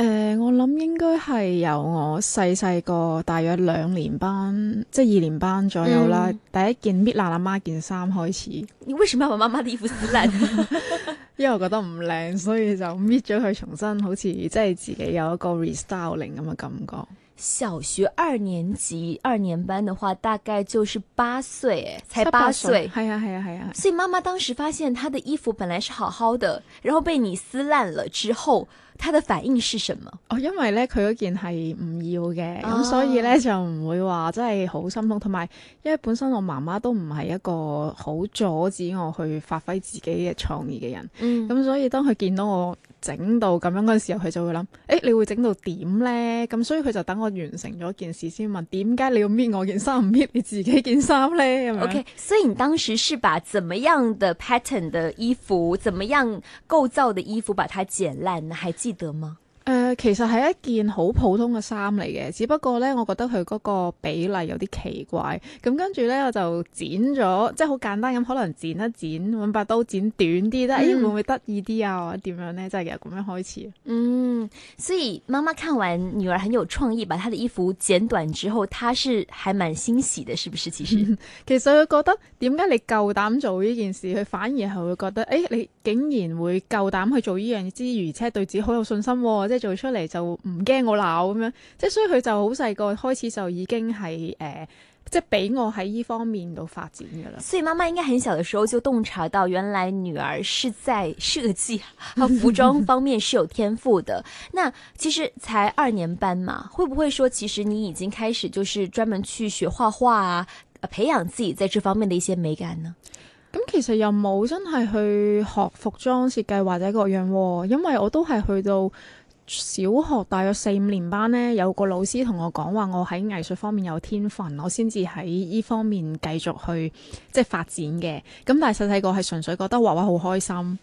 誒、呃，我諗應該係由我細細個，大約兩年班，即係二年班左右啦。嗯、第一件搣爛阿媽件衫開始。你為什麼要把媽媽的衣服撕爛？ 因為我覺得唔靚，所以就搣咗佢，重新好似即係自己有一個 restyling 咁嘅感覺。小學二年級，二年班嘅話，大概就是八歲，才八歲。係啊，係啊，係啊。所以媽媽當時發現她的衣服本來是好好的，然後被你撕爛了之後。他的反應是什麼？哦，因為咧佢嗰件係唔要嘅，咁、哦、所以咧就唔會話真係好心痛。同埋因為本身我媽媽都唔係一個好阻止我去發揮自己嘅創意嘅人，咁、嗯、所以當佢見到我，整到咁樣嗰陣時候，佢就會諗：「誒，欸，你會整到點呢？」咁所以佢就等我完成咗件事先問：「點解你要搣我件衫唔搣你自己件衫呢？」OK，所以你當時是把怎麼樣的 pattern 的衣服，怎麼樣構造的衣服把它剪爛，你還記得嗎？嗯其實係一件好普通嘅衫嚟嘅，只不過咧，我覺得佢嗰個比例有啲奇怪。咁、嗯、跟住咧，我就剪咗，即係好簡單咁，可能剪一剪，揾把刀剪短啲啦。誒、欸，會唔會得意啲啊？或者點樣咧？即係由咁樣開始。嗯，所以媽媽看完女兒很有創意，把她的衣服剪短之後，她是還蠻欣喜的，是不是其，嗯？其實，其實佢覺得，點解你夠膽做呢件事？佢反而係會覺得，誒、欸，你竟然會夠膽去做呢樣嘢，之餘且係對自己好有信心，啊，即係做。出嚟就唔驚我鬧咁樣，即係所以佢就好細個開始就已經係誒，即係俾我喺呢方面度發展㗎喇。所以，媽媽應該很小嘅時候就洞察到，原來女兒是在設計和、啊、服裝方面是有天賦嘅。那其實才二年班嘛，會唔會說其實你已經開始就是專門去學畫畫啊，培養自己在這方面的一些美感呢？咁其實又冇真係去學服裝設計或者各樣喎，因為我都係去到。小學大約四五年班呢，有個老師同我講話，我喺藝術方面有天分，我先至喺呢方面繼續去即係發展嘅。咁但係細細個係純粹覺得畫畫好開心。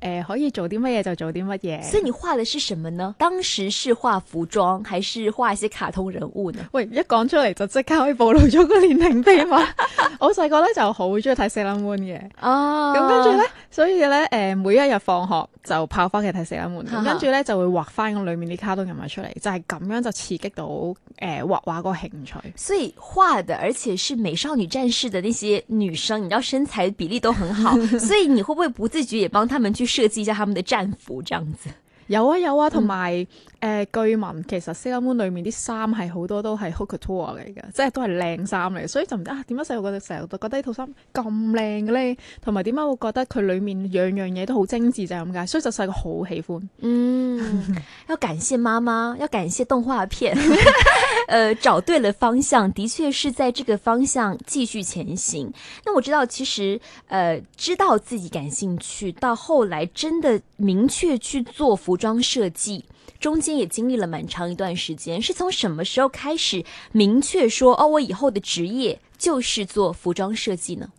誒、呃，可以做啲乜嘢就做啲乜嘢。所以你畫的是什麼呢？當時是畫服裝，還是畫一些卡通人物呢？喂，一講出嚟就即刻可以暴露咗個年齡秘密。 我細個咧就好中意睇《Sailor Moon》嘅，哦，咁跟住咧，所以咧，誒，每一日放學就跑翻去睇、啊《Sailor Moon》咁跟住咧就會畫翻個裏面啲卡通人物出嚟，就係、是、咁樣就刺激到誒畫畫個興趣。所以畫嘅，而且是美少女戰士嘅那些女生，你知道身材比例都很好， 所以你會不會不自覺也幫他們去設計一下他們的戰服，這樣子。有啊有啊，同埋、啊。誒，據聞其實 Sailor Moon 裏面啲衫係好多都係 haute couture 嚟嘅，即係都係靚衫嚟，所以就唔知啊，點解細個成日都覺得套呢套衫咁靚嘅咧，同埋點解會覺得佢裡面樣樣嘢都好精緻就係咁解，所以就細個好喜歡。嗯， 要感謝媽媽，要感謝動畫片。誒、 呃，找對了方向，的確是在這個方向繼續前行。那我知道，其實誒、呃、知道自己感興趣，到後來真的明確去做服裝設計。中間也經歷了蠻長一段時間，是從什麼時候開始明確說，哦，我以後的職業就是做服裝設計呢？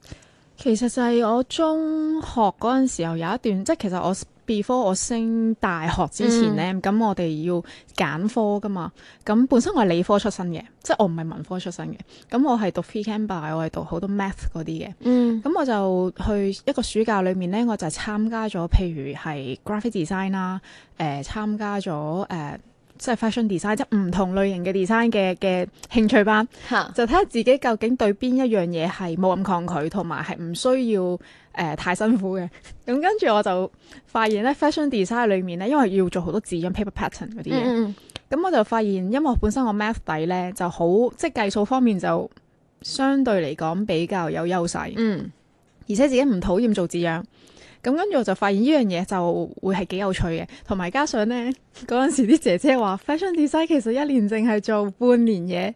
其實就係我中學嗰陣時候有一段，即係其實我 B 科我升大學之前咧，咁、嗯、我哋要揀科㗎嘛。咁本身我係理科出身嘅，即係我唔係文科出身嘅。咁我係讀 Phy Chem Bio，我係讀好多 math 嗰啲嘅。咁、嗯、我就去一個暑假裏面咧，我就參加咗，譬如係 graphic design 啦、啊，誒、呃、參加咗誒。呃即係 fashion design 啫，唔同類型嘅 design 嘅嘅興趣班，哈就睇下自己究竟對邊一樣嘢係冇咁抗拒，同埋係唔需要誒、呃、太辛苦嘅。咁跟住我就發現咧，fashion design 裏面咧，因為要做好多紙樣 paper pattern 嗰啲嘢，咁、嗯、我就發現，因為我本身個 math 底咧就好，即係計數方面就相對嚟講比較有優勢。嗯，而且自己唔討厭做紙樣。咁跟住我就發現呢樣嘢就會係幾有趣嘅，同埋加上咧嗰陣時啲姐姐話 ，fashion design 其實一年淨係做半年嘢。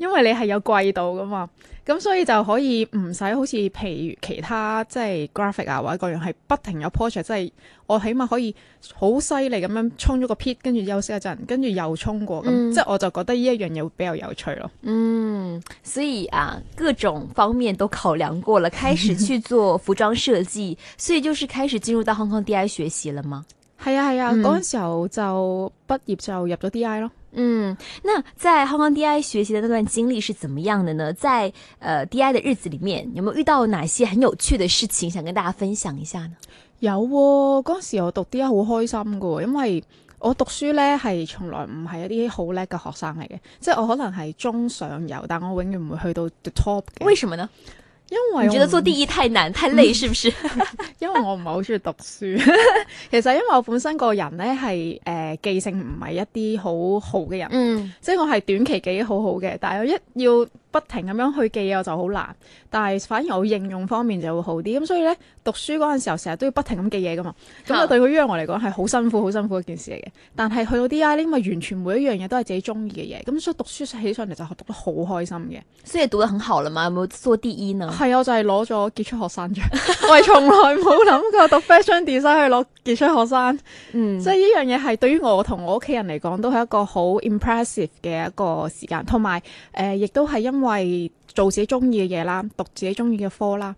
因為你係有季度噶嘛，咁所以就可以唔使好似譬如其他即係 graphic 啊或者各樣係不停有 project，即係我起碼可以好犀利咁樣衝咗個 pit，跟住休息一陣，跟住又衝過咁，嗯、即係我就覺得呢一樣嘢比較有趣咯。嗯，所以啊，各種方面都考量過了，開始去做服裝設計， 所以就是開始進入到 Hong Kong DI 學習啦嘛。係啊係啊，嗰陣、嗯、時候就畢業就入咗 D I 咯。嗯，那在香港 D I 學習的那段經歷是怎麼樣的呢？在、呃，D I 的日子裏面，有沒有遇到哪些很有趣的事情想跟大家分享一下呢？有、哦，嗰陣時候我讀 D I 好開心噶，因為我讀書呢係從來唔係一啲好叻嘅學生嚟嘅，即係我可能係中上游，但我永遠唔會去到 the top 嘅。為什麼呢？因為我覺得做第一太難太累，是不是？ 因為我唔係好中意讀書， 其實因為我本身個人咧係誒記性唔係一啲好好嘅人，嗯、即係我係短期記憶好好嘅，但係我一要不停咁樣去記我就好難，但係反而我應用方面就會好啲，咁所以咧。讀書嗰陣時候，成日都要不停咁記嘢噶嘛，咁啊好對佢於我嚟講係好辛苦、好辛苦一件事嚟嘅。但係去到 D I N 咪完全每一樣嘢都係自己中意嘅嘢，咁所以讀書起上嚟就讀得好開心嘅。所以讀得很好啦嘛，有冇攞到第一啊？係啊，我就係攞咗傑出學生咋。 我係從來冇諗過讀 fashion design 去攞傑出學生。 嗯，即係呢樣嘢係對於我同我屋企人嚟講，都係一個好 impressive 嘅一個時間。同埋，誒、呃，亦都係因為做自己中意嘅嘢啦，讀自己中意嘅科啦。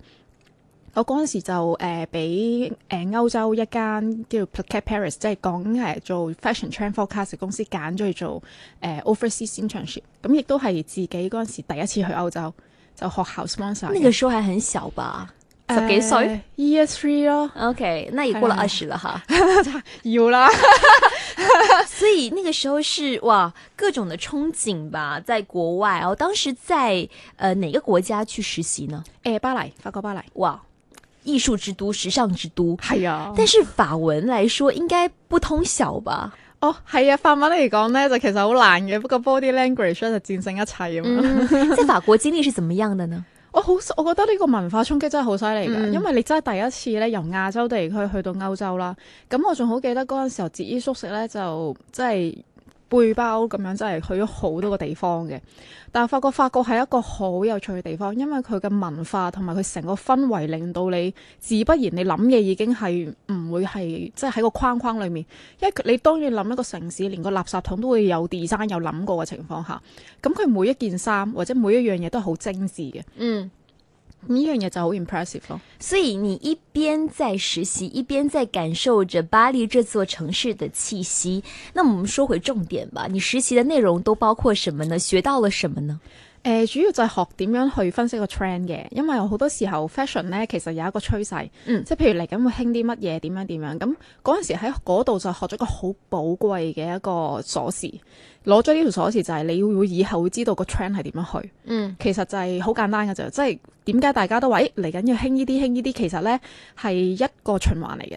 我嗰陣時就誒俾誒歐洲一間叫 Placat Paris，即係講誒做 fashion trend forecast 公司揀咗去做誒、呃、overseas internship，咁亦都係自己嗰陣時第一次去歐洲，就學校 sponsor。那個時候係很小吧，十幾歲，二十三咯。OK，那也過了二十了哈，要 啦樂。所以那個時候是哇，各種的憧憬吧，在國外我、哦、當時在誒、呃、哪個國家去實習呢？誒、欸、巴黎，法國巴黎。哇！藝術之都、時尚之都。係啊，但是法文來說應該不通曉吧？哦，係啊，法文嚟講咧就其實好難嘅，不過 body language 就戰勝一切啊，即、嗯、 在法國經歷是怎麼樣嘅呢？我好，我覺得呢個文化衝擊真係好犀利嘅。嗯、因為你真係第一次咧由亞洲地區去到歐洲啦。咁我仲好記得嗰陣時候節呢，節衣縮食咧就真係。就是背包咁樣真係去咗好多個地方嘅，但發覺法國係一個好有趣嘅地方，因為佢嘅文化同埋佢成個氛圍令到你自不然你諗嘢已經係唔會係即係喺個框框裡面，因為你當然諗一個城市連個垃圾桶都會有 design 有諗過嘅情況下，咁佢每一件衫或者每一樣嘢都好精緻嘅。嗯。呢樣嘢就好 impressive 咯，所以你一邊在實習，一邊在感受着巴黎這座城市的氣息。那我們說回重點吧，你實習的內容都包括什麼呢？學到了什麼呢？誒、呃，主要就係學點樣去分析個 trend 嘅，因為好多時候 fashion 呢其實有一個趨勢，嗯、即係譬如嚟緊會興啲乜嘢，點樣點樣，咁嗰陣時喺嗰度就學咗個好寶貴嘅一個鎖匙，攞咗呢條鎖匙就係你會以後會知道個 trend 係點樣去，嗯，其實就係好簡單噶咋，即係點解大家都話，欸，嚟緊要興呢啲，興呢啲，其實呢係一個循環嚟嘅。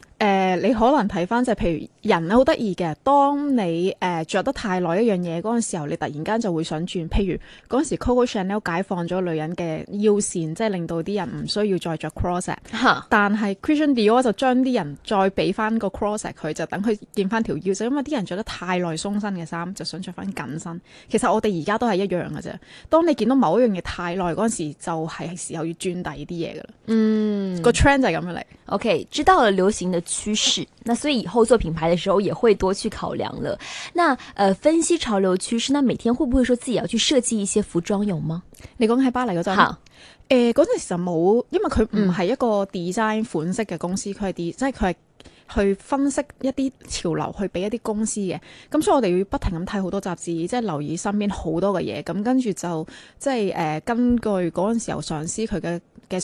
誒、呃，你可能睇翻就係譬如人咧好得意嘅，當你誒著、呃、得太耐一樣嘢嗰陣時候，你突然間就會想轉。譬如嗰陣時，Coco Chanel 解放咗女人嘅腰線，即係令到啲人唔需要再着 corset。哈但係 Christian Dior 就將啲人再俾翻個 corset 佢，就等佢見翻條腰。就因為啲人着得太耐鬆身嘅衫，就想着翻緊身。其實我哋而家都係一樣嘅啫。當你見到某一樣嘢太耐嗰陣時，就係時候要轉底啲嘢嘅啦。嗯，個 trend 就係咁樣嚟。OK，知道哋流行趨勢，那所以以後做品牌嘅時候也會多去考量了。那，呃，分析潮流趨勢。那每天會不會說自己要去設計一些服裝有嗎？你講喺巴黎嗰陣，誒好，嗰陣、呃、時就冇，因為佢唔係一個 design 款式嘅公司，佢係啲，即係佢係去分析一啲潮流去俾一啲公司嘅。咁所以我哋要不停咁睇好多雜誌，即係留意身邊好多嘅嘢。咁跟住就即係誒，根據嗰陣時候上司佢嘅。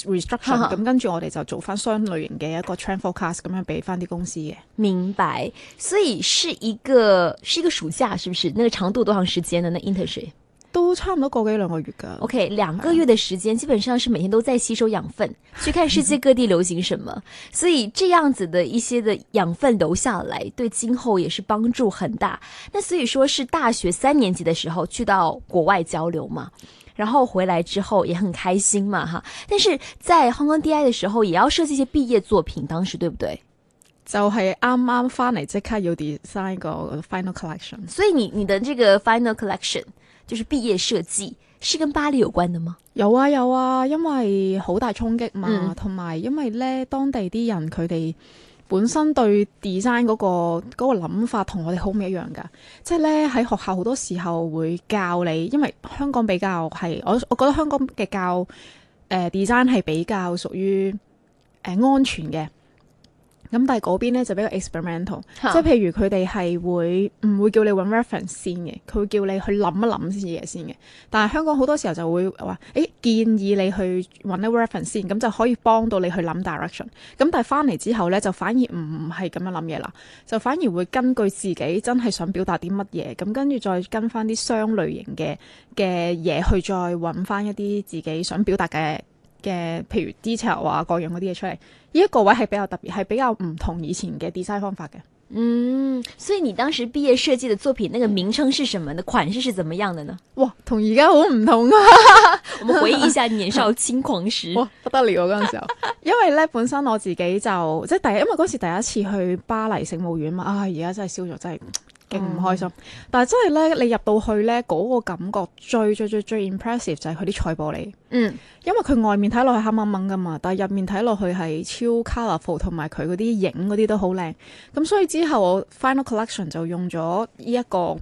restriction 咁，跟住我哋就做翻相類型嘅一個 Trend Forecast，咁樣俾翻啲公司嘅。明白，所以是一個是一個暑假，是不是？那個長度多長時間呢？那 internship 都差唔多個幾兩個月噶。OK，兩個月嘅時間，嗯、基本上是每天都在吸收養分， 去看世界各地流行什麼，所以這樣子的一些的養分留下來，對今後也是幫助很大。那所以說是大學三年級的時候去到國外交流嘛？然後回來之後也很開心嘛，哈！但是在 Hong Kong D.I. 的時候也要設計一些畢業作品，當時對不對？就係啱啱返嚟即刻要 design 個 final collection。所以你你的這個 final collection 就是畢業設計，是跟巴黎有關的嗎？有啊有啊，因為好大衝擊嘛，同埋、嗯、因為咧當地啲人佢哋。本身對 design 嗰個嗰個諗法同我哋好唔一樣㗎，即係咧喺學校好多時候會教你，因為香港比較係我我覺得香港嘅教誒 design 係比較屬於誒安全嘅。咁但係嗰邊咧就比較 experimental，即係、啊、譬如佢哋係會唔會叫你揾 reference 先嘅？佢會叫你去諗一諗先嘢先嘅。但係香港好多時候就會話：誒、欸、建議你去揾啲 reference 先，咁就可以幫到你去諗 direction。咁但係翻嚟之後咧，就反而唔係咁樣諗嘢啦，就反而會根據自己真係想表達啲乜嘢，咁跟住再跟翻啲相類型嘅嘅嘢去再揾翻一啲自己想表達嘅嘅，譬如 detail 啊，各樣嗰啲嘢出嚟。呢一個位係比較特別，係比較唔同以前嘅 design 方法嘅。嗯，所以你當時畢業設計嘅作品，那個名稱是什麼？的、那個、款式是怎麼樣的呢？哇，同而家好唔同啊！ 我們回憶一下年少輕狂時。 哇，不得了嗰陣時候，因為咧本身我自己就即係第一，因為嗰時第一次去巴黎聖母院嘛。啊，而家真係燒咗，真係。勁唔開心，嗯、但係真係咧，你入到去咧嗰、那個感覺最最最最 impressive 就係佢啲彩玻璃，嗯，因為佢外面睇落去黑掹掹噶嘛，但係入面睇落去係超 colourful，同埋佢嗰啲影嗰啲都好靚，咁所以之後我 final collection 就用咗呢一個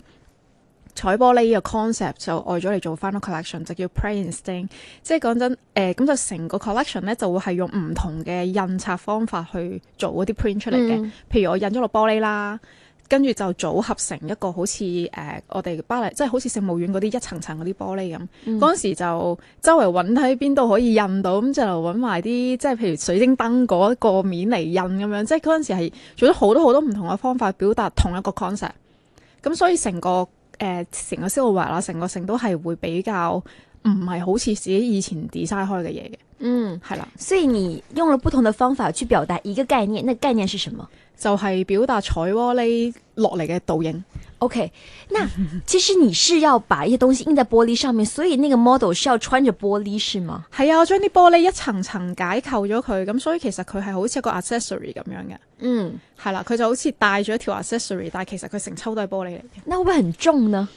彩玻璃嘅 concept 就外咗嚟做 final collection，就叫 print t i n g 即係講真誒，咁、呃、就成個 collection 咧就會係用唔同嘅印刷方法去做嗰啲 print 出嚟嘅，嗯、譬如我印咗落玻璃啦。跟住就組合成一個好似誒、呃、我哋巴黎即係、就是、好似聖母院嗰啲一層層嗰啲玻璃咁，嗰陣、嗯、時就周圍揾喺邊度可以印到，咁就嚟揾埋啲即係譬如水晶燈嗰個面嚟印咁樣，即係嗰陣時係做咗好多好多唔同嘅方法表達同一個 concept，咁所以成個誒成、呃、個銷路畫啦，成個城都係會比較。唔係好似自己以前 design 開嘅嘢嘅，嗯，係啦的，所以你用了不同的方法去表達一個概念，那個，概念是什麼？就係表達彩玻璃落嚟嘅倒影。O K，嗱，其實你是要把一些東西印在玻璃上面，所以那個 model 是要穿着玻璃係咪？係啊，我將啲玻璃一層層解構咗佢，咁所以其實佢係好似一個 accessory 咁樣嘅。嗯，係啦，佢就好似戴咗條 accessory，但係其實佢成抽都係玻璃嚟嘅。那會唔會很重呢？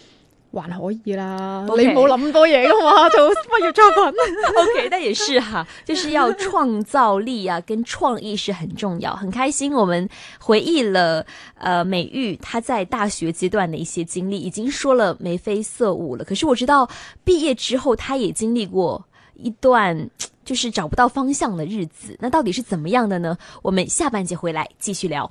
還可以啦，Okay. 你冇諗多嘢噶嘛，就不做乜嘢作品？OK，但也是哈，就是要創造力啊，跟創意是很重要。很開心，我們回憶了，誒、呃，美玉她在大學階段的一些經歷，已經說了眉飛色舞了。可是我知道畢業之後，她也經歷過一段就是找不到方向的日子。那到底是怎麼樣的呢？我們下半節回來繼續聊。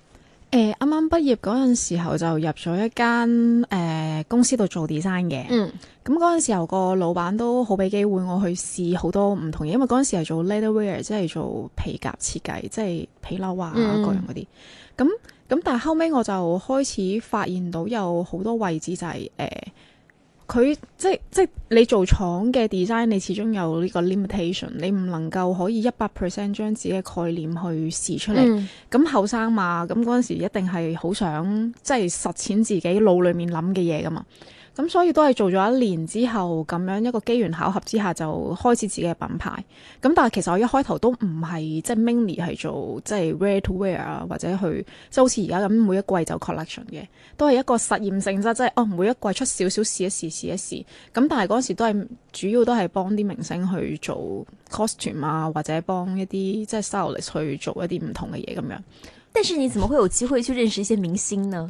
誒啱啱畢業嗰陣時候就入咗一間誒、呃、公司度做 design 嘅，咁嗰陣時候個老闆都好俾機會我去試好多唔同嘢，因為嗰陣時係做 leatherware 即係做皮夾設計，即係皮褸啊、嗯、各樣嗰啲，咁咁但係後尾我就開始發現到有好多位置就係、是、誒。呃佢即係即係你做廠嘅 design，你始終有呢個 limitation，你唔能夠可以一百 percent 將自己嘅概念去試出嚟。咁後生嘛，咁嗰陣時一定係好想即係實踐自己腦裏面諗嘅嘢噶嘛。咁、嗯、所以都係做咗一年之後，咁樣一個機緣巧合之下就開始自己嘅品牌。咁、嗯、但係其實我一開頭都唔係即係 mini 係做即係 ready to wear 啊，或者去即係好似而家咁每一季就 collection 嘅，都係一個實驗性質，即係哦每一季出少少試一試試一試。咁但係嗰時都係主要都係幫啲明星去做 costume 啊，或者幫一啲即係 sales 去做一啲唔同嘅嘢咁樣。但是你怎麼會有機會去認識一些明星呢？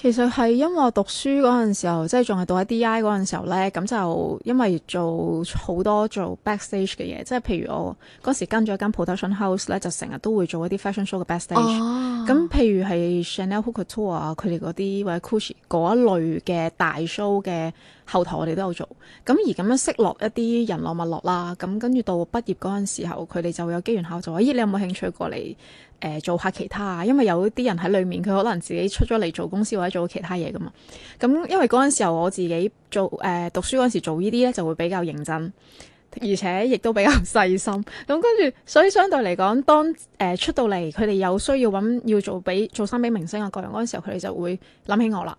其實係因為我讀書嗰陣時候，即係仲係讀喺 DI 嗰陣時候咧，咁就因為做好多做 backstage 嘅嘢，即係譬如我嗰時跟咗一間 production house 咧，就成日都會做一啲 fashion show 嘅 backstage。哦、oh.。咁譬如係 Chanel Couture 啊，佢哋嗰啲或者 Gucci 嗰一類嘅大 show 嘅後台，我哋都有做。咁而咁樣識落一啲人落物落啦。咁跟住到畢業嗰陣時候，佢哋就會有機緣考做。咦、哎，你有冇興趣過嚟？誒、呃、做下其他啊，因為有啲人喺裡面，佢可能自己出咗嚟做公司或者做其他嘢㗎嘛。咁因為嗰陣時候我自己做誒、呃、讀書嗰時做呢啲咧，就會比較認真，而且亦都比較細心。咁跟住，所以相對嚟講，當誒、呃、出到嚟，佢哋有需要揾要做俾做生俾明星嘅各樣嗰陣時候，佢哋就會諗起我啦。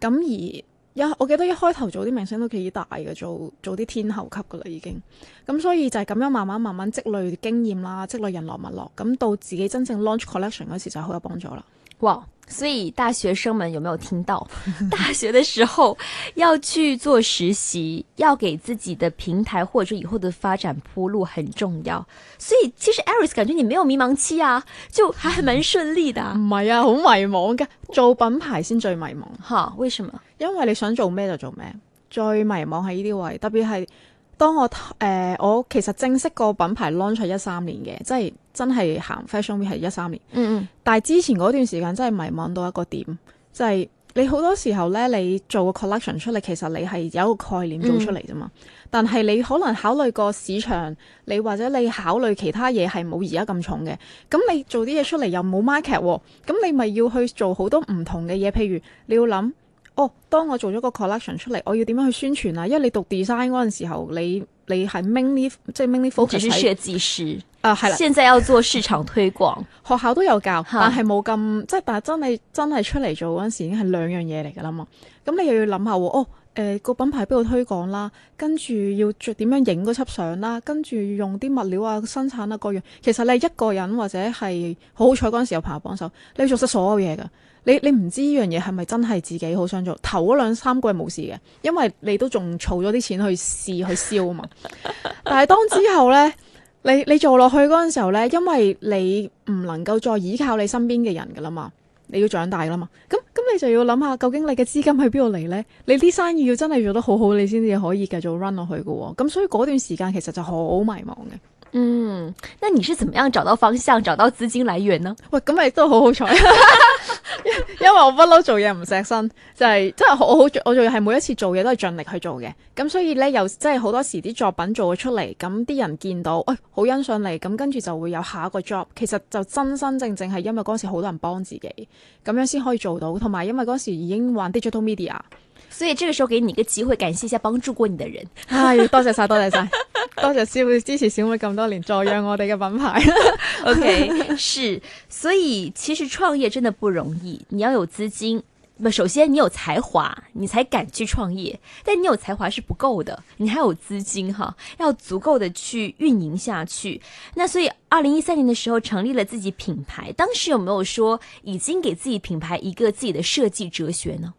咁而一我記得一開頭做啲明星都幾大嘅，做做啲天后級嘅啦已經，咁所以就係咁樣慢慢慢慢積累經驗啦，積累人來物落，咁到自己真正 launch collection 嗰時就好有幫助啦。哇！Wow, 所以大學生們有沒有聽到？ 大學的時候要去做實習，要給自己的平台或者以後的發展鋪路，很重要。所以其實 Aris 感覺你沒有迷茫期啊，就還蠻順利的。唔係啊，好、 啊、迷茫噶，做品牌先最迷茫吓。 為什麼？因為你想做咩就做咩，最迷茫喺呢啲位，特別係當我誒、呃，我其實正式個品牌 launch 係一三年嘅，即係。真係行 fashion 係一三年，嗯嗯，但係之前嗰段時間真係迷茫到一個點，就係、是、你好多時候呢，你做個 collection 出嚟，其實你係有一個概念做出嚟啫嘛。嗯、但係你可能考慮個市場，你或者你考慮其他嘢係冇而家咁重嘅。咁你做啲嘢出嚟又冇 market，咁、啊、你咪要去做好多唔同嘅嘢。譬如你要諗，哦，當我做咗個 collection 出嚟，我要點樣去宣傳啊？因為你讀 design 陣陣時候，你你係 m i n y 即係 m i n y focus，即係設計師啊，係啦。現在要做市場推廣， 學校都有教， 但係冇咁即係，但真係真係出嚟做嗰陣時已經係兩樣嘢嚟噶啦嘛。咁你又要諗下哦，誒、呃、個品牌邊度推廣啦，跟住要着點樣影嗰輯相啦，跟住用啲物料啊生產啊各樣，其實你一個人或者係好好彩嗰陣時有朋友幫手，你要做晒所有嘢噶。你你唔知呢樣嘢係咪真係自己好想做？頭嗰兩三個月係冇事嘅，因為你都仲儲咗啲錢去試 去燒啊嘛。但係當之後呢，你你做落去嗰陣時候呢，因為你唔能夠再依靠你身邊嘅人噶啦嘛，你要長大噶啦嘛。咁咁你就要諗下，究竟你嘅資金喺邊度嚟呢？你啲生意要真係做得好好，你先至可以繼續 run 落去噶哦。咁所以嗰段時間其實就好迷茫嘅。嗯，那你是怎麼樣找到方向、找到資金來源呢？喂，咁你都好好彩。 因為我不嬲做嘢唔錫身，就係、是、真係我好我仲要係每一次做嘢都係盡力去做嘅，咁所以呢，又真係好多時啲作品做咗出嚟，咁啲人見到，喂、哎，好欣賞你。咁跟住就會有下一個 job。其實就真真正正係因為嗰時好多人幫自己，咁樣先可以做到同埋，因為嗰時已經玩 digital media。所以這個時候給你一個機會，感謝一下幫助過你的人。 唉，多謝晒，多謝晒。 多謝小妹支持小妹咁多年，助養我哋嘅品牌。 OK，是，所以其實創業真的不容易，你要有資金，不首先你有才華，你才敢去創業，但你有才華是不夠的，你還有資金哈，要足夠的去運營下去。那所以二零一三年的時候成立了自己品牌，當時有沒有說已經給自己品牌一個自己的設計哲學呢？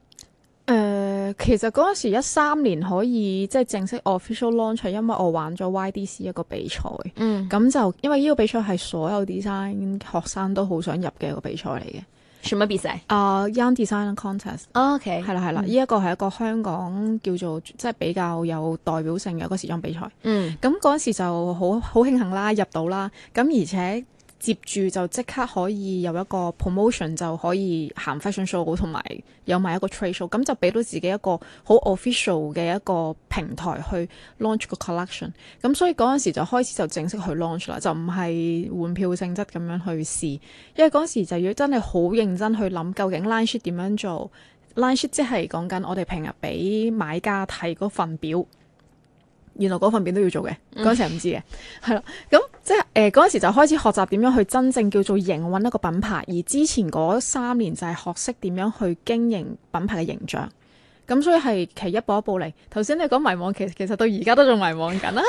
誒、呃。其實嗰陣時一三年可以即係正式 official launch，因為我玩咗 YDC 一個比賽，咁、嗯、就因為呢個比賽係所有 design 學生都好想入嘅一個比賽嚟嘅。什乜比賽？啊、uh, Young Design Contest、oh, okay。OK。係啦係啦，呢一個係一個香港叫做即係比較有代表性嘅一個時裝比賽。咁嗰陣時就好好慶幸啦，入到啦。咁而且接住就即刻可以有一個 promotion，就可以行 fashion show，同埋有埋一個 trade show，咁就俾到自己一個好 official 嘅一個平台去 launch 個 collection。咁、嗯、所以嗰陣時就開始就正式去 launch 啦，就唔係換票性質咁樣去試，因為嗰陣時就要真係好認真去諗究竟 line sheet 點樣做 line sheet，即係講緊我哋平日俾買家睇嗰份表。原來嗰份面都要做嘅，嗰陣時係唔知嘅，係咯， 咁即係誒嗰陣時就開始學習點樣去真正叫做營運一個品牌，而之前嗰三年就係學識點樣去經營品牌嘅形象。咁、嗯、所以係其一步一步嚟，頭先你講迷茫，其實其實到而家都仲迷茫緊啦。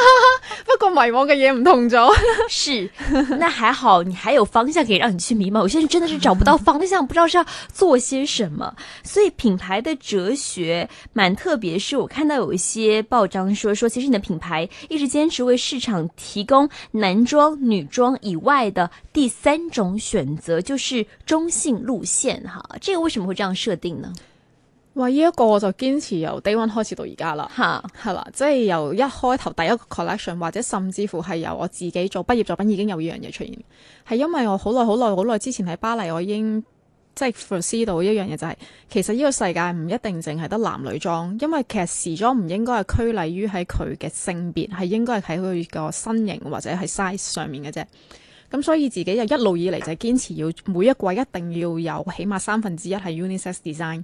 不過迷茫嘅嘢唔同咗， 是，那還好你還有方向可以讓你去迷茫。我現在真的是找不到方向， 不知道是要做些什麼。所以品牌的哲學蠻特別，是我看到有一些報章說，說其實你的品牌一直堅持為市場提供男裝、女裝以外的第三種選擇，就是中性路線。哈，這個為什麼會這樣設定呢？哇！依一個我就堅持由 Day One 開始到而家啦，吓係啦，即係、就是、由一開頭第一個 collection 或者甚至乎係由我自己做畢業作品已經有呢樣嘢出現，係因為我好耐好耐好耐之前喺巴黎我已經即係 foresee 到一樣嘢、就是，就係其實呢個世界唔一定淨係得男女裝，因為其實時裝唔應該係拘泥於喺佢嘅性別，係應該係喺佢個身形或者係 size 上面嘅啫。咁所以自己就一路以嚟就係堅持要每一季一定要有起碼三分之一係 unisex design。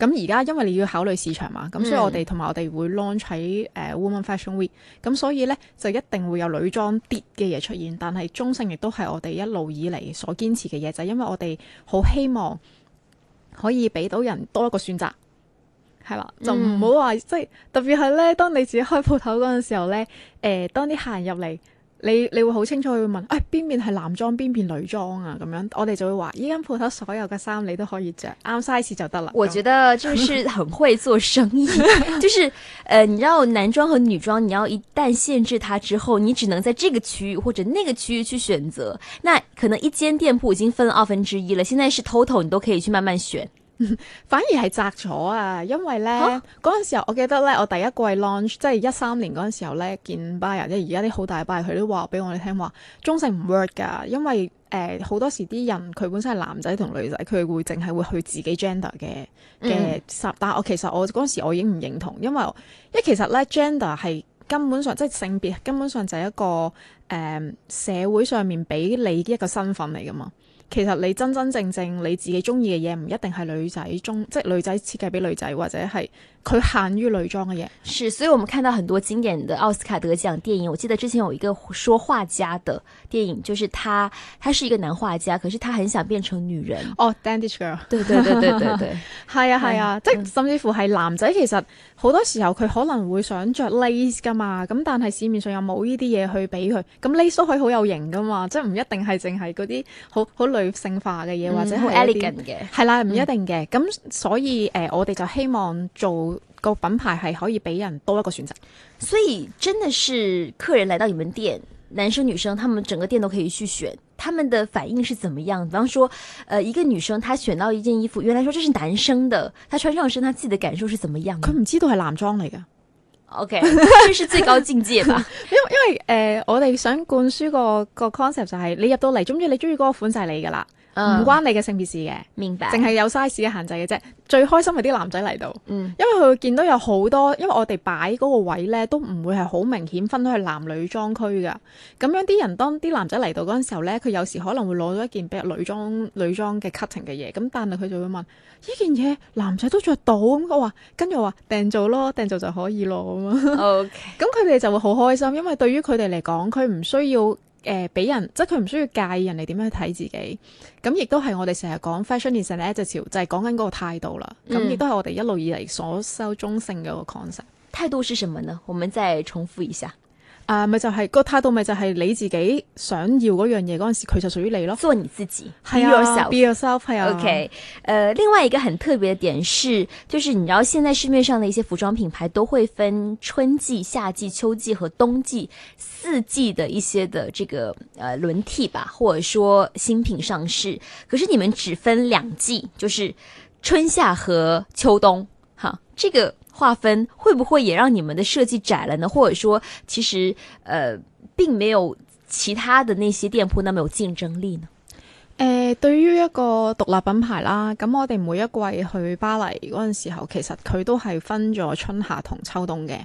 咁而家因為你要考慮市場嘛，咁、mm. 所以我哋同埋我哋會 launch 喺誒、uh, Women Fashion Week，咁所以呢，就一定會有女裝啲嘅嘢出現，但係中性亦都係我哋一路以嚟所堅持嘅嘢，就係、因為我哋好希望可以俾到人多一個選擇，係啦，就唔好話即係特別係呢，當你自己開鋪頭嗰陣時候呢，誒、呃、當啲客人入嚟，你你會好清楚會問，誒、哎，邊邊係男裝，邊邊女裝啊？咁樣我哋就會話，依間鋪頭所有嘅衫你都可以着啱 size 就得啦。我覺得就是很會做生意， 就是誒、呃，你知道男裝和女裝，你要一旦限制它之後，你只能在這個區域或者那個區域去選擇。那可能一間店鋪已經分二分之一了，現在是 total，你都可以去慢慢選。 反而係窄咗啊！因為咧嗰陣時候，我記得咧，我第一季 launch 即係一三年嗰陣時候咧，見 buyer 即係而家啲好大 buyer，佢都話俾我哋聽話中性唔 work 㗎，因為誒好、呃、多時啲人佢本身係男仔同女仔，佢會淨係會去自己 gender 嘅嘅十。嗯、但係我其實我嗰陣、那個、時我已經唔認同，因為因為其實咧 gender 係根本上即係、就是、性別根本上就係一個誒、嗯、社會上面俾你一個身份嚟㗎嘛。其實你真真正正你自己中意嘅嘢，唔一定係女仔中，即係女仔設計俾女仔，或者係。佢限於女裝嘅嘢，是，所以我們看到很多經典的奧斯卡得獎電影。我記得之前有一個說畫家的電影，就是他他是一個男畫家，可是他很想變成女人。哦，Danish Girl，對對對對對對，係啊係啊，啊啊嗯、即係甚至乎係男仔，其實好多時候佢可能會想着 lace 噶嘛，咁但係市面上又冇呢啲嘢去俾佢，咁 lace 佢好有型噶嘛，即係唔一定係淨係嗰啲好好女性化嘅嘢，嗯、或者好 elegant 嘅，係啦，唔一定嘅。咁、嗯、所以誒、呃，我哋就希望做。個品牌係可以俾人多一個選擇，所以真的是客人來到你們店，男生女生，他們整個店都可以去選，他們的反應是怎麼樣？比方說，誒、呃，一個女生，她選到一件衣服，原來說這是男生的，她穿上身，她自己的感受是怎麼樣？佢唔知道係男裝嚟㗎，OK，這是最高境界吧！因 因為誒、呃，我哋想灌輸個個 concept 就係，你入到嚟，中唔中意你中意嗰個款就係你噶啦。唔關你嘅性別事嘅，明白。淨係有 size 嘅限制嘅啫。最開心係啲男仔嚟到，嗯、因為佢會見到有好多，因為我哋擺嗰個位咧，都唔會係好明顯分開去男女裝區噶。咁樣啲人當啲男仔嚟到嗰陣時候咧，佢有時可能會攞咗一件比較女裝女裝嘅 cutting 嘅嘢，咁但係佢就會問：呢件嘢男仔都着到？咁我話，跟住我話訂做咯，訂做就可以咯。咁啊，OK。咁佢哋就會好開心，因為對於佢哋嚟講，佢唔需要。誒俾、呃、人即係佢唔需要介意人哋點樣去睇自己，咁亦都係我哋成日講 fashion designer、嗯、就朝就係講緊個態度啦。咁亦都係我哋一路以嚟所修中性嘅個 concept。態、嗯、度是什麼呢？我們再重複一下。啊，咪、uh, 就係個態度咪就係你自己想要嗰樣嘢嗰陣時，佢就屬於你咯。做你自己 yeah,，be yourself，be yourself。係啊，OK。誒，另外一個很特別嘅點是，就是你知道，現在市面上的一些服裝品牌都會分春季、夏季、秋季和冬季四季的一些的這個誒輪替吧，或者說新品上市。可是你們只分兩季，就是春夏和秋冬。哈、uh,，這個。劃分會不會也讓你們的設計窄了呢？或者說，其實，呃，並沒有其他的那些店鋪那麼有競爭力呢？誒、呃，對於一個獨立品牌啦，咁我哋每一季去巴黎嗰陣時候，其實佢都係分咗春夏同秋冬嘅。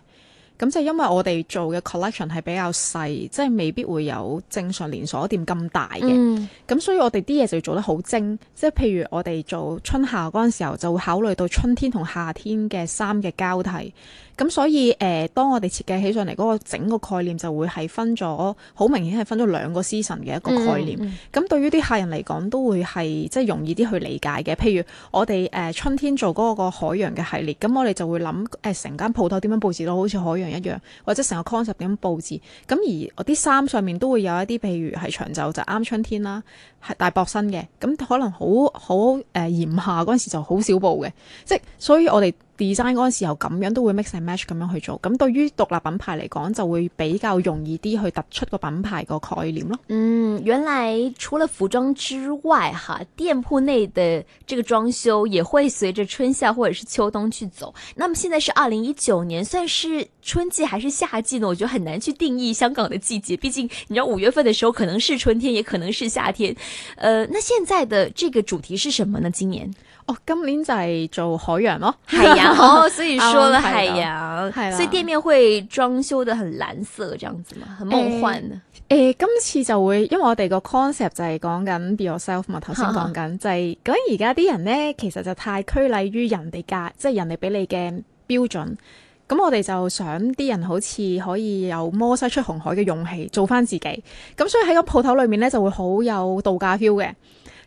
咁就因為我哋做嘅 collection 係比較細，即係未必會有正常連鎖店咁大嘅，咁、嗯、所以我哋啲嘢就要做得好精。即係譬如我哋做春夏嗰陣時候，就會考慮到春天同夏天嘅衫嘅交替。咁所以誒、呃，當我哋設計起上嚟嗰個整個概念就會係分咗好明顯係分咗兩個 season 嘅一個概念。咁、嗯嗯、對於啲客人嚟講，都會係即係容易啲去理解嘅。譬如我哋誒、呃、春天做嗰個個海洋嘅系列，咁我哋就會諗誒成間鋪頭點樣佈置到好似海洋一樣，或者成個 concept 點樣佈置。咁而我啲衫上面都會有一啲譬如係長袖就啱春天啦，係大薄身嘅。咁可能好好誒炎夏嗰陣時就好少布嘅。即所以我哋 design 嗰陣時候咁樣都會 mix and match 咁樣去做，咁對於獨立品牌嚟講就會比較容易啲去突出個品牌個概念咯。嗯，原來除了服裝之外，哈，店鋪內的這個裝修也會隨着春夏或者是秋冬去走。那麼現在是二零一九年，算是春季還是夏季呢？我覺得很難去定義香港的季節，畢竟你知道五月份的時候可能是春天，也可能是夏天。呃，那現在的這個主題是什麼呢？今年？哦，今年就係做海洋咯，海 啊，所以說了、 哦啊、海洋，啊、所以店面會裝修得很藍色，這樣子嘛，很夢幻。誒、欸欸，今次就會，因為我哋個 concept 就係講緊 be yourself 嘛，頭先講緊就係講而家啲人咧，其實就太拘泥於人哋價，即、就、係、是、人哋俾你嘅標準。咁我哋就想啲人好似可以有摩西出紅海嘅勇氣，做翻自己。咁所以喺個鋪頭裏面咧，就會好有度假 feel 嘅。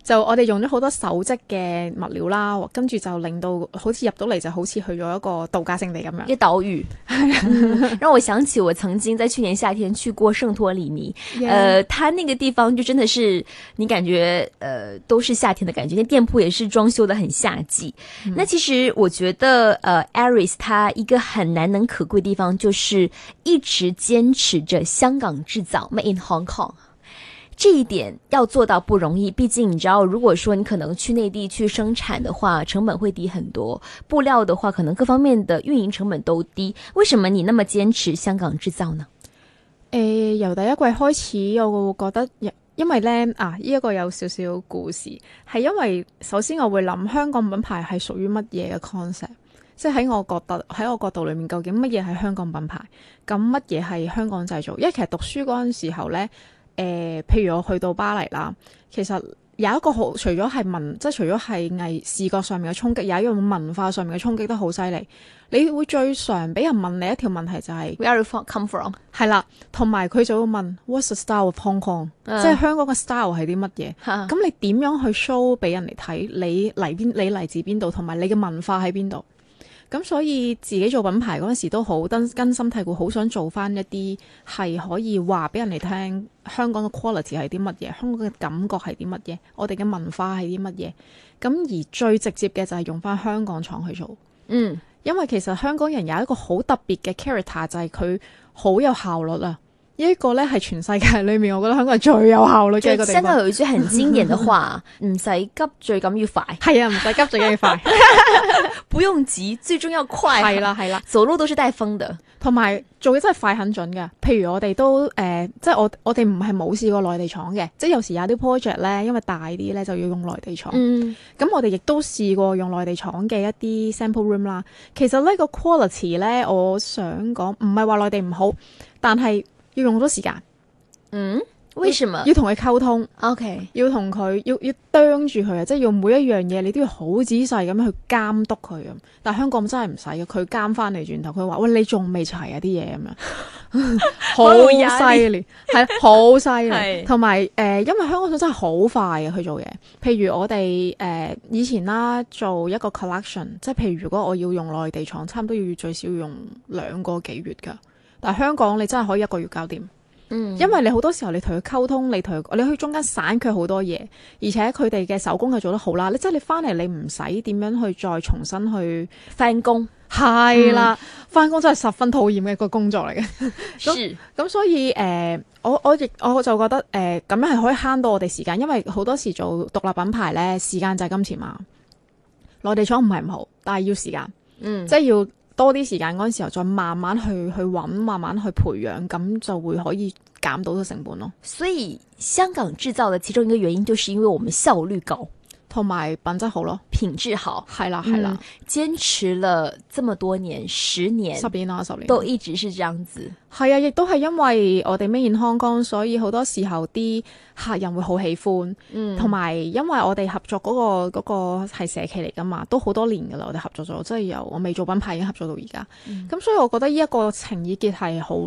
就我哋用咗好多手織嘅物料啦，跟住就令到好似入到嚟就好似去咗一個度假勝地咁樣。一島嶼， 讓我想起我曾經在去年夏天去過聖托里尼，Yeah. 呃，佢那個地方就真的是你感覺，呃，都是夏天嘅感覺，啲店鋪也是裝修得很夏季。Mm. 那其實我覺得，呃，Aris，它一個很難能可貴的地方，就是一直堅持着香港製造，made in、mm. Hong Kong。這一點要做到不容易，畢竟你知道，如果說你可能去內地去生產的話，成本會低很多，布料的話可能各方面的運營成本都低。為什麼你那麼堅持香港製造呢？誒、呃，由第一季開始，我會覺得，因為呢啊，依、這、一個有少少故事，係因為首先我會諗香港品牌係屬於乜嘢嘅 concept，即係喺我覺得喺我角度裏面，究竟乜嘢係香港品牌，咁乜嘢係香港製造？因為其實讀書嗰陣時候呢。誒、呃，譬如我去到巴黎啦，其實有一個好，除咗係文，即係除咗係藝視覺上面嘅衝擊，有一樣文化上面嘅衝擊都好犀利。你會最常俾人問你一條問題就係、是、Where you come from？係啦，同埋佢就會問 What's the style of Hong Kong？、Uh. 即係香港嘅 style 係啲乜嘢？咁、uh. 你點樣去 show 俾人哋睇你嚟邊？你嚟自邊度？同埋你嘅文化喺邊度？咁所以自己做品牌嗰陣時都好根根深蒂固，好想做翻一啲係可以話俾人哋聽，香港嘅 quality 係啲乜嘢，香港嘅感覺係啲乜嘢，我哋嘅文化係啲乜嘢。咁而最直接嘅就係用翻香港廠去做，嗯，因為其實香港人有一個好特別嘅 character，就係佢好有效率啊。呢一個咧係全世界裏面，我覺得香港係最有效率嘅一個地方對。最適合佢做行先型的話，唔使 急，最緊要快。係啊，唔使急，最緊要快。不用急，最重要快。係啦，係啦，走路都是帶風的。同埋做嘢真係快狠準㗎。譬如我哋都誒、呃，即係我我哋唔係冇試過內地廠嘅，即係有時有啲 project 咧，因為大啲咧就要用內地廠。嗯，咁我哋亦都試過用內地廠嘅一啲 sample room 啦。其實呢、呢個 quality 咧，我想講唔係話內地唔好，但係。要用多時間，嗯，為什麼？要同佢溝通，OK，要同佢要要盯住佢啊！即係用每一樣嘢，你都要好仔細咁去監督佢咁。但係香港真係唔使嘅，佢監翻嚟轉頭，佢話喂，你仲未齊啊啲嘢咁樣，好犀利，係啊，好犀利。同埋誒，因為香港人真係好快呀去做嘢。譬如我哋誒、呃、以前啦，做一個 collection，即係譬如如果我要用內地廠，差唔多要最少要用兩個幾月噶。但香港你真係可以一個月搞掂，嗯，因為你好多時候你同佢溝通，你同佢，你去中間散卻好多嘢，而且佢哋嘅手工係做得好啦。你即係你翻嚟，你唔使點樣去再重新去翻工係啦。翻工、嗯、真係十分討厭嘅一個工作嚟嘅咁咁， 是所以誒、呃，我我亦我就覺得誒咁、呃、樣係可以慳到我哋時間，因為好多時做獨立品牌咧，時間就係金錢嘛。內地廠唔係唔好，但係要時間，嗯、即係要，多啲時間嗰陣時候，再慢慢去去揾，慢慢去培養，咁就會可以減到個成本咯。所以香港製造嘅其中一個原因，就是因為我們效率高，同埋品質好咯，品質好係啦係啦，嗯、堅持了這麼多年，十年十年、啊、十年都一直是這樣子。係啊，亦都係因為我哋 made in Hong Kong，所以好多時候啲。客人會好喜歡，同埋、嗯、因為我哋合作嗰、嗰個嗰係、嗰個、社企嚟㗎嘛，都好多年㗎喇，我哋合作咗，即、就、係、係、由我未做品牌已經合作到而家。咁、嗯、所以我覺得呢一個情意結係好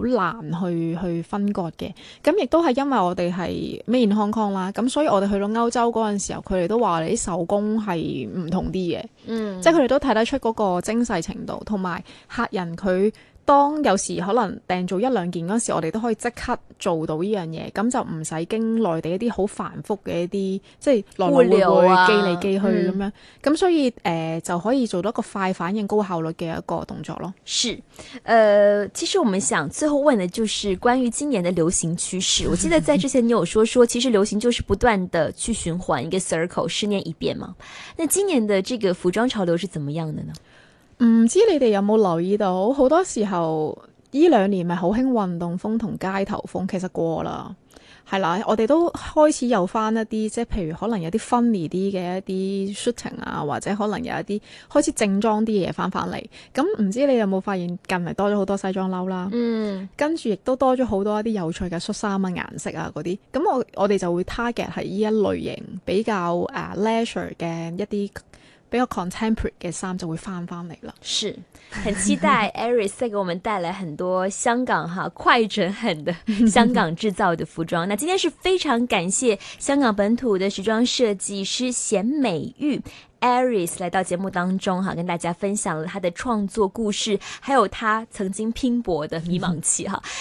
難去去分割嘅。咁亦都係因為我哋係 made in Hong Kong 啦，咁所以我哋去到歐洲嗰陣時候，佢哋都話你啲手工係唔同啲嘅，即係佢哋都睇得出嗰個精細程度，同埋客人佢。當有時可能訂做一兩件嗰時，我哋都可以即刻做到呢樣嘢，咁就唔使經內地一啲好繁複嘅一啲，即係來來回回寄嚟寄去咁流、啊、樣。咁、嗯、所以誒、呃、就可以做到一個快反應、高效率嘅一個動作咯。是，誒、呃，其實我哋想最後問嘅就是關於今年嘅流行趨勢。 我記得在之前你有說，說其實流行就是不斷的去循環一個 circle，十年一變嘛。那今年的這個服裝潮流是怎麼樣的呢？唔知你哋有冇留意到，好多時候依兩年咪好興運動風同街頭風，其實過啦，係啦，我哋都開始有翻一啲，即係譬如可能有啲 funny 啲嘅一啲 shooting 啊，或者可能有一啲開始正裝啲嘢翻翻嚟。咁唔知你有冇發現近嚟多咗好多西裝褸啦，嗯，跟住亦都多咗好多一啲有趣嘅恤衫啊、顏色啊嗰啲。咁我我哋就會 target 係呢一類型比較誒 leisure 嘅一啲。比較 contemporary 嘅衫就會翻翻嚟啦， 是很期待 Aris 再給我們帶來很多香港哈、啊、快準狠的香港製造的服裝。 那今天是非常感謝香港本土的時裝設計師冼美玉 Aris 來到節目當中哈、啊，跟大家分享了他的創作故事，還有他曾經拼搏的迷茫期哈、啊。